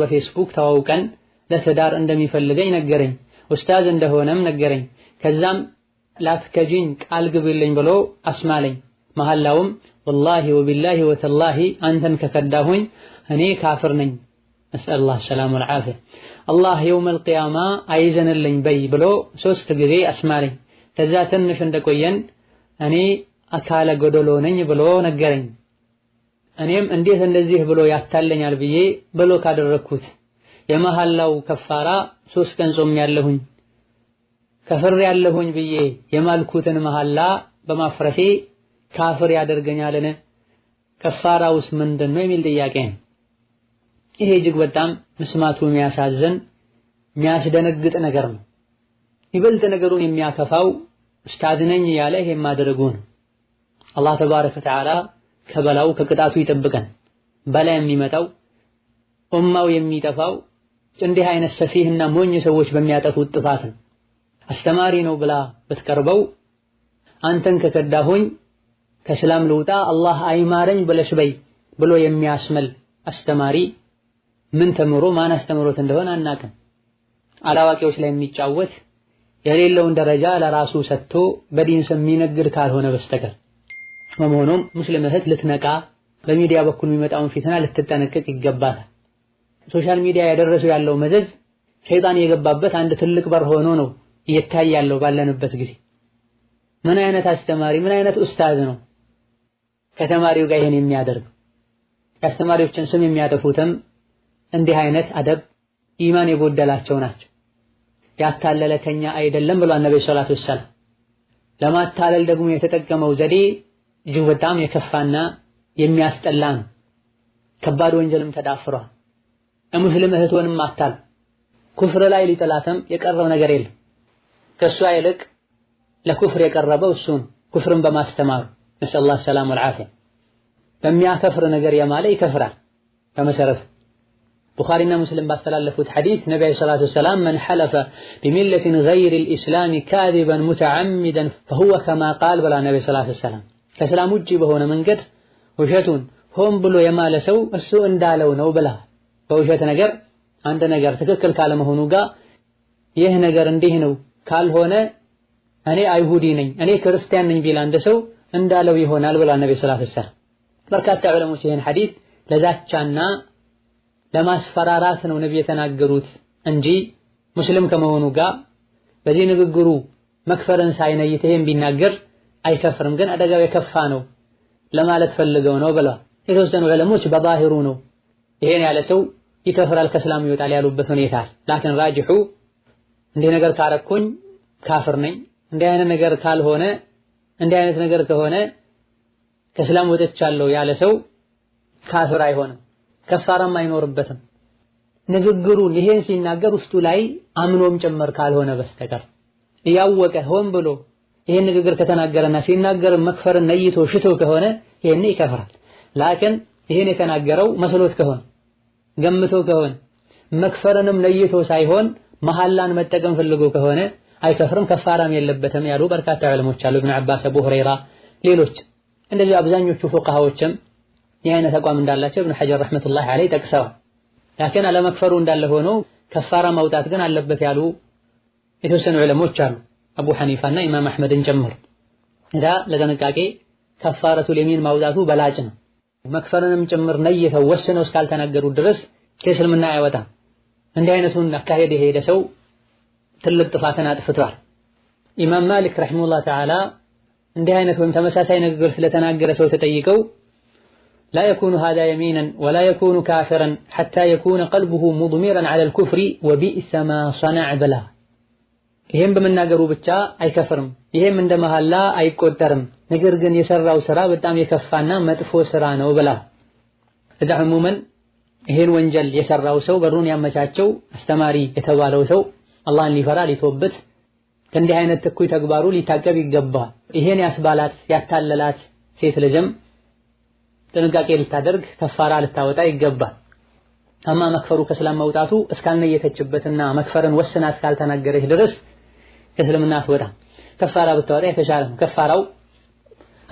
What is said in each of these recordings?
በፌስቡክ ተዋውቀን ለትዳር እንደሚፈልገኝ ነገረኝ። ኡስታዝ እንደሆነም ነገረኝ። ከዛም ላትከጂኝ ቃል ግብልኝ ብሎ አስማለኝ። መሐላውም ወላሂ ወቢላሂ ወተላሂ አንተን ከከዳሁኝ እኔ ካፍር ነኝ። ነስአሉላህ ሰላም ወልዓፊያ። አላህ የውመል ቂያማ አይዘንልኝ በይ ብሎ ሶስት ጊዜ አስማለኝ። ከዛ ትንሽ እንደቆየን እኔ አካለ ጎደሎ ነኝ ብሎ ነገረኝ። እኔም እንዴት እንደዚህ ብሎ ያታለኛል ብዬ ብሎ ካደረግኩት የመሐላው ከፋራ ሶስት ቀን ጾም ያለሁኝ ከፍር ያለሁኝ ብዬ የማልኩትን መሐላ በማፍረሴ ካፍር ያደርገኛልን? ከፋራ ውስጥ ምንድን ነው የሚል ጥያቄ ነው። ይሄ እጅግ በጣም ምስማቱ የሚያሳዝን የሚያስደነግጥ ነገር ነው። ይበልጥ ነገሩን የሚያከፋው ኡስታድ ነኝ ያለ ይሄ ማድረጉ ነው። አላህ ተባረከ ወተዓላ ከበላው ከቅጣቱ ይጠብቀን። በላይ የሚመጣው ኡማው የሚጠፋው እንዲህ አይነት ሰፊህና ሞኝ ሰዎች በሚያጠፉት ጥፋት ነው። አስተማሪ ነው ብላ ብትቀርበው አንተን ከከዳሁኝ ከስላም ልውጣ አላህ አይማረኝ ብለሽ በይ ብሎ የሚያስመል አስተማሪ ምን ተምሮ ማን አስተምሮት እንደሆነ አናቅም። አላዋቂዎች ላይ የሚጫወት የሌለውን ደረጃ ለራሱ ሰጥቶ በዲን የሚነግድ ካልሆነ በስተቀር በመሆኑም ሙስሊም እህት ልትነቃ በሚዲያ በኩል የሚመጣውን ፊትና ልትጠነቀቅ ይገባታል። ሶሻል ሚዲያ ያደረሰው ያለው መዘዝ ሸይጣን የገባበት አንድ ትልቅ በር ሆኖ ነው እየታይ ያለው ባለንበት ጊዜ። ምን አይነት አስተማሪ ምን አይነት ኡስታዝ ነው ከተማሪው ጋር ይሄን የሚያደርግ? የአስተማሪዎችን ስም የሚያጠፉትም እንዲህ አይነት አደብ ኢማን የጎደላቸው ናቸው። ያታለለ ከኛ አይደለም ብሏል ነብይ ሰለላሁ ዐለይሂ ወሰለም። ለማታለል ደግሞ የተጠቀመው ዘዴ እጅግ በጣም የከፋና የሚያስጠላ ነው። ከባድ ወንጀልም ተዳፍሯል። ሙስሊም እህት ወንም አታል ኩፍር ላይ ሊጠላትም የቀረው ነገር የለም። ከእሷ ይልቅ ለኩፍር የቀረበው እሱን ኩፍርን በማስተማሩ ነስአል ላህ ሰላም ወልዓፊያ። በሚያከፍር ነገር የማለ ይከፍራል። በመሰረቱ ቡኻሪና ሙስሊም ባስተላለፉት ሐዲስ ነቢ ዓለይሂ ሰላቱ ወሰላም መን ሐለፈ ቢሚለትን ገይሪ ልኢስላሚ ካዚበን ሙተዓሚደን ፈሁወ ከማ ቃል ብላ ነቢ ሰላቱ ወሰላም ከእስላም ውጪ በሆነ መንገድ ውሸቱን ሆን ብሎ የማለ ሰው እሱ እንዳለው ነው ብላ በውሸት ነገር አንድ ነገር ትክክል ካለመሆኑ ጋር ይህ ነገር እንዲህ ነው ካልሆነ እኔ አይሁዲ ነኝ እኔ ክርስቲያን ነኝ ቢል አንድ ሰው እንዳለው ይሆናል ብላ ነብይ ሰለላሁ ዐለይሂ በርካታ ዑለሞች ይህን ሐዲስ ለዛቻና ለማስፈራራት ነው ነብይ የተናገሩት እንጂ ሙስሊም ከመሆኑ ጋር በዚህ ንግግሩ መክፈርን ሳይነይት ይሄን ቢናገር አይከፍርም፣ ግን አደጋው የከፋ ነው ለማለት ፈልገው ነው ብለዋል። የተወሰኑ ዕለሞች በባህሩ ነው ይሄን ያለ ሰው ይከፍራል ከእስላም ይወጣል ያሉበት ሁኔታ ላኪን ራጅሑ እንዲህ ነገር ካረኩኝ ካፍር ነኝ፣ እንዲህ አይነት ነገር ካልሆነ እንዲህ አይነት ነገር ከሆነ ከእስላም ወጥቻለሁ ያለ ሰው ካፍር አይሆንም፣ ከፋራም አይኖርበትም። ንግግሩን ይሄን ሲናገር ውስጡ ላይ አምኖም ጭምር ካልሆነ በስተቀር እያወቀ ሆን ብሎ ይህን ንግግር ከተናገረና ሲናገር መክፈርን ነይቶ ሽቶ ከሆነ ይህን ይከፍራል። ላኪን ይህን የተናገረው መስሎት ከሆነ ገምቶ ከሆነ መክፈርንም ነይቶ ሳይሆን መሐላን መጠቀም ፈልጎ ከሆነ አይከፍርም፣ ከፋራም የለበትም ያሉ በርካታ ዕልሞች አሉ። ኢብኑ አባስ፣ አቡ ሁረይራ፣ ሌሎች እንደዚህ አብዛኞቹ ፉቃሃዎችም አይነት አቋም እንዳላቸው ኢብኑ ሐጀር ረሕመቱላሂ ዐለይሂ ጠቅሰዋል። ላኪን አለመክፈሩ እንዳለ ሆኖ ከፋራ ማውጣት ግን አለበት ያሉ የተወሰኑ ዕልሞች አሉ። أبو حنيفة نا إمام أحمد جمر إذا لقنا كاكي كفارة اليمين موضاته بلاجنة مكفرة نم جمر نيه وسن وسكال تنقر الدرس كيسل من ناعي وطا عند أين سنة كهي دي هيدا سو تلب طفاتنا تفتوار إمام مالك رحمه الله تعالى عند أين سنة مساسي نقر سلتنقر سو تتيكو لا يكون هذا يمينا ولا يكون كافرا حتى يكون قلبه مضمرا على الكفر وبئس ما صنع بلاه ይሄም በመናገሩ ብቻ አይከፍርም። ይሄም እንደ መሐላ አይቆጠርም። ነገር ግን የሰራው ስራ በጣም የከፋና መጥፎ ስራ ነው ብላ እዛ ህሙመን ይሄን ወንጀል የሰራው ሰው በሩን ያመቻቸው አስተማሪ የተባለው ሰው አላህን ሊፈራ ሊቶበት ከእንዲህ አይነት እኩይ ተግባሩ ሊታቀብ ይገባል። ይሄን ያስባላት ያታለላት ሴት ልጅም ጥንቃቄ ልታደርግ ከፋራ ልታወጣ ይገባል። አማ መክፈሩ ከሰላም መውጣቱ እስካልነየተችበትና መክፈርን ወስና እስካልተናገረች ድረስ ከእስልምና አትወጣ። ከፋራ ብታወጣ የተሻለ ነው። ከፋራው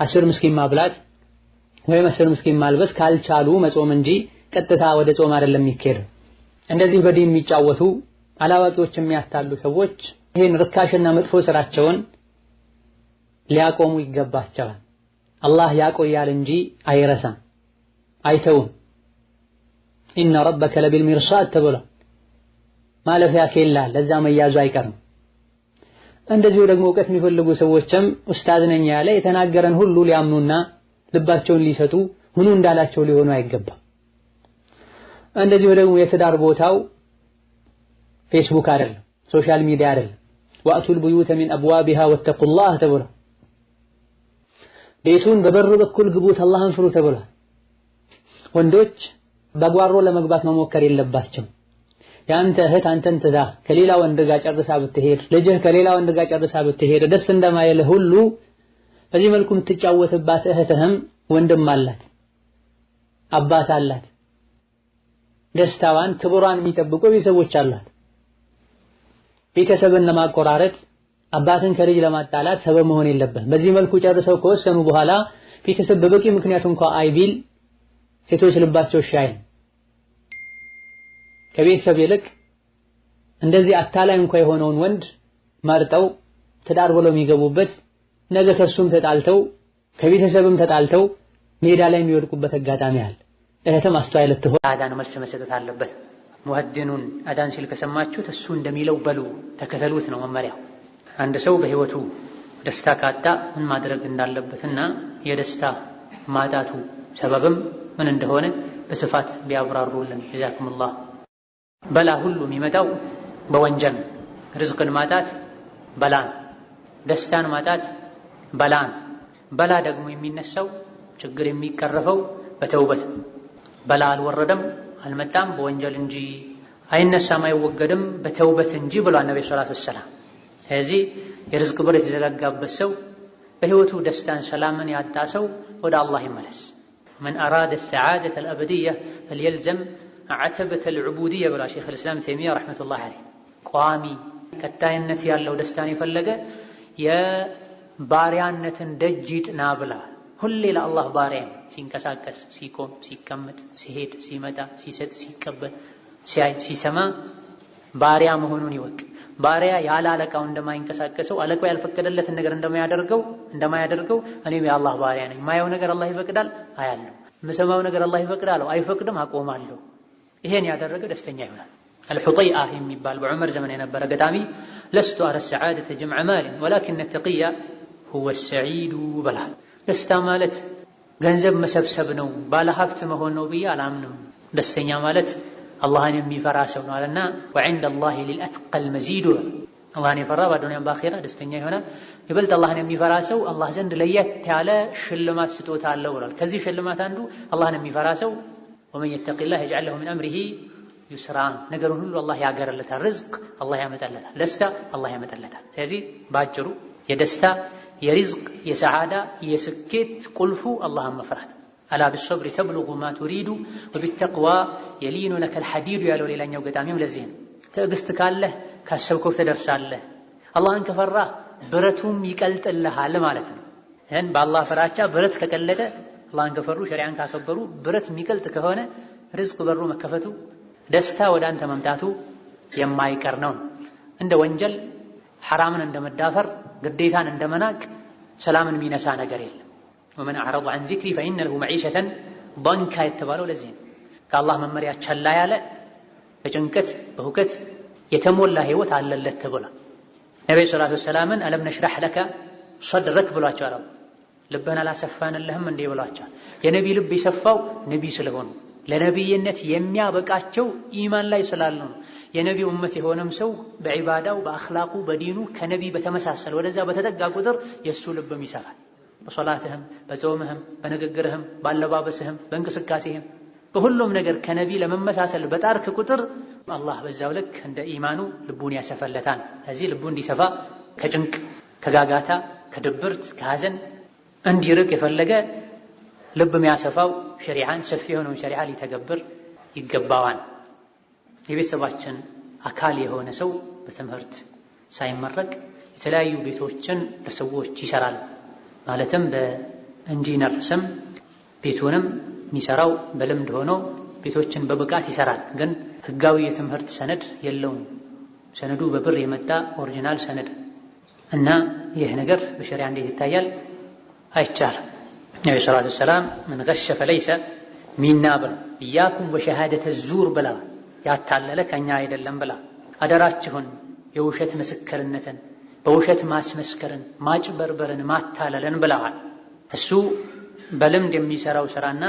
አስር ምስኪን ማብላት ወይም አስር ምስኪን ማልበስ ካልቻሉ መጾም እንጂ ቀጥታ ወደ ጾም አይደለም የሚካሄደው። እንደዚህ በዲን የሚጫወቱ አላዋቂዎች የሚያታሉ ሰዎች ይህን ርካሽና መጥፎ ስራቸውን ሊያቆሙ ይገባቸዋል። አላህ ያቆያል እንጂ አይረሳም፣ አይተውም። ኢነ ረበከ ለቢል ተብሏል። ማለፊያ ኬላ ለዛ መያዙ አይቀርም። እንደዚሁ ደግሞ እውቀት የሚፈልጉ ሰዎችም ኡስታዝ ነኝ ያለ የተናገረን ሁሉ ሊያምኑና ልባቸውን ሊሰጡ ሁኑ እንዳላቸው ሊሆኑ አይገባም። እንደዚሁ ደግሞ የትዳር ቦታው ፌስቡክ አይደለም፣ ሶሻል ሚዲያ አይደለም። ወአቱል ቡዩተ ሚን አብዋቢሃ ወተቁላህ ተብሏል። ቤቱን በበሩ በኩል ግቡት አላህን ፍሩ ተብሏል። ወንዶች በጓሮ ለመግባት መሞከር የለባቸው። የአንተ እህት አንተን ትዳ ከሌላ ወንድ ጋር ጨርሳ ብትሄድ፣ ልጅህ ከሌላ ወንድ ጋር ጨርሳ ብትሄድ ደስ እንደማይልህ ሁሉ በዚህ መልኩ የምትጫወትባት እህትህም ወንድም አላት፣ አባት አላት፣ ደስታዋን ክብሯን የሚጠብቁ ቤተሰቦች አሏት። ቤተሰብን ለማቆራረጥ አባትን ከልጅ ለማጣላት ሰበብ መሆን የለብህም። በዚህ መልኩ ጨርሰው ከወሰኑ በኋላ ቤተሰብ በበቂ ምክንያት እንኳ አይቢል ሴቶች ልባቸው ሻይን ከቤተሰብ ይልቅ እንደዚህ አታላይ እንኳ የሆነውን ወንድ መርጠው ትዳር ብለው የሚገቡበት ነገ ከሱም ተጣልተው ከቤተሰብም ተጣልተው ሜዳ ላይ የሚወድቁበት አጋጣሚ አለ። እህትም አስተዋይ ልትሆን አዳን መልስ መሰጠት አለበት። ሙሀድኑን አዳን ሲል ከሰማችሁት እሱ እንደሚለው በሉ ተከተሉት ነው መመሪያው። አንድ ሰው በህይወቱ ደስታ ካጣ ምን ማድረግ እንዳለበትና የደስታ ማጣቱ ሰበብም ምን እንደሆነ በስፋት ቢያብራሩልን ጀዛኩሙላህ በላ ሁሉ የሚመጣው በወንጀል ርዝቅን ማጣት በላን፣ ደስታን ማጣት በላን። በላ ደግሞ የሚነሳው ችግር የሚቀረፈው በተውበት በላ አልወረደም አልመጣም በወንጀል እንጂ አይነሳም አይወገድም በተውበት እንጂ ብሏል ነቢ ሰላት ወሰላም። ስለዚህ የርዝቅ በር የተዘጋጋበት ሰው በህይወቱ ደስታን ሰላምን ያጣ ሰው ወደ አላህ ይመለስ። መን አራደ ሰዓደተ አልአብድያ ፈልየልዘም አዕተበተል ዑቡድያ ብላ ሼክ ልእስላም ተይሚያ ረሕመቱላህ አለይህ ቋሚ ቀጣይነት ያለው ደስታን የፈለገ የባሪያነትን ደጅ ይጥና ብላ ሁሌ ለአላህ ባሪያ ሲንቀሳቀስ፣ ሲቆም፣ ሲቀመጥ፣ ሲሄድ፣ ሲመጣ፣ ሲሰጥ፣ ሲቀበል፣ ሲያይ፣ ሲሰማ ባሪያ መሆኑን ይወቅ። ባሪያ ያለ አለቃው እንደማይንቀሳቀሰው አለቃው ያልፈቀደለትን ነገር እንደማያደርገው እንደማያደርገው እኔም የአላህ ባሪያ ነኝ። ማየው ነገር አላህ ይፈቅዳል፣ አያለሁ። የምሰማው ነገር አላህ ይፈቅዳል፣ አይፈቅድም፣ አቆማለሁ። ይሄን ያደረገ ደስተኛ ይሆናል። አልሑጠይአ የሚባል በዑመር ዘመን የነበረ ገጣሚ ለስቱ አረ ሰዓደተ ጀምዐ ማልን ወላኪነ ተቅያ ሁወ ሰዒዱ በላል። ደስታ ማለት ገንዘብ መሰብሰብ ነው ባለሀብት መሆን ነው ብዬ አላምንም። ደስተኛ ማለት አላህን የሚፈራ ሰው ነው አለና ወዐንደ አላሂ ሊልአትቀል መዚዱ አላህን የፈራ በአዱንያም በአኼራ ደስተኛ ይሆናል። ይበልጥ አላህን የሚፈራ ሰው አላህ ዘንድ ለየት ያለ ሽልማት ስጦታ አለው ብሏል። ከዚህ ሽልማት አንዱ አላህን የሚፈራ ሰው ومن يتق الله يجعل له من أمره يسرا نقر هل الله يا لك الرزق الله يا لك لست الله يا لك تزي باجرو يا يدستا يا رزق يا سعادة يا سكيت قلفو اللهم فرحت ألا بالصبر تبلغ ما تريد وبالتقوى يلين لك الحديد يا لولي لن يوجد أميم لزين تقستك الله كالسوكو تدرس الله الله انك فراه برتهم يكلت الله على مالتنا يعني بالله فراشا برتك كلته አላህን ከፈሩ ሸሪያን ካከበሩ ብረት የሚቀልጥ ከሆነ ርዝቅ በሩ መከፈቱ ደስታ ወደ አንተ መምጣቱ የማይቀር ነው። እንደ ወንጀል ሐራምን እንደ መዳፈር ግዴታን እንደ መናቅ ሰላምን የሚነሳ ነገር የለም። ወመን አዕረض ዐን ዚክሪ ፈኢነ ለሁ መዒሸተን ዶንካ የተባለው ለዚህ ነው። ከአላህ መመሪያ ቸላ ያለ በጭንቀት በሁከት የተሞላ ህይወት አለለት ብሏል። ነቢዩ ሰላቱ ወሰላምን አለም ነሽራሕ ለከ ሰድረክ ብሏቸዋል። ልብን አላሰፋንልህም እንዴ ብሏቸዋል። የነቢ ልብ የሰፋው ነቢ ስለሆኑ ለነቢይነት የሚያበቃቸው ኢማን ላይ ስላሉ ነው። የነቢ ኡመት የሆነም ሰው በዒባዳው፣ በአኽላቁ፣ በዲኑ ከነቢ በተመሳሰል ወደዛ በተጠጋ ቁጥር የእሱ ልብም ይሰፋል። በሶላትህም፣ በጾምህም፣ በንግግርህም፣ ባለባበስህም፣ በእንቅስቃሴህም በሁሉም ነገር ከነቢ ለመመሳሰል በጣርክ ቁጥር አላህ በዛው ልክ እንደ ኢማኑ ልቡን ያሰፈለታል። ስለዚህ ልቡ እንዲሰፋ ከጭንቅ ከጋጋታ ከድብርት ከሐዘን እንዲርቅ የፈለገ ልብ የሚያሰፋው ሸሪዓን ሰፊ የሆነውን ሸሪዓ ሊተገብር ይገባዋል። የቤተሰባችን አካል የሆነ ሰው በትምህርት ሳይመረቅ የተለያዩ ቤቶችን ለሰዎች ይሰራል። ማለትም በኢንጂነር ስም ቤቱንም የሚሰራው በልምድ ሆኖ ቤቶችን በብቃት ይሰራል። ግን ህጋዊ የትምህርት ሰነድ የለውም። ሰነዱ በብር የመጣ ኦሪጂናል ሰነድ እና ይህ ነገር በሸሪዓ እንዴት ይታያል? አይቻልም። ነቢ ሰላቱ ሰላም ምን ገሸ ፈለይሰ ሚና ብለ እያኩም ወሸሃደተ ዙር ብላ ያታለለ ከኛ አይደለም ብላ አደራችሁን የውሸት ምስክርነትን በውሸት ማስመስከርን፣ ማጭበርበርን፣ ማታለልን ብለዋል። እሱ በልምድ የሚሰራው ስራና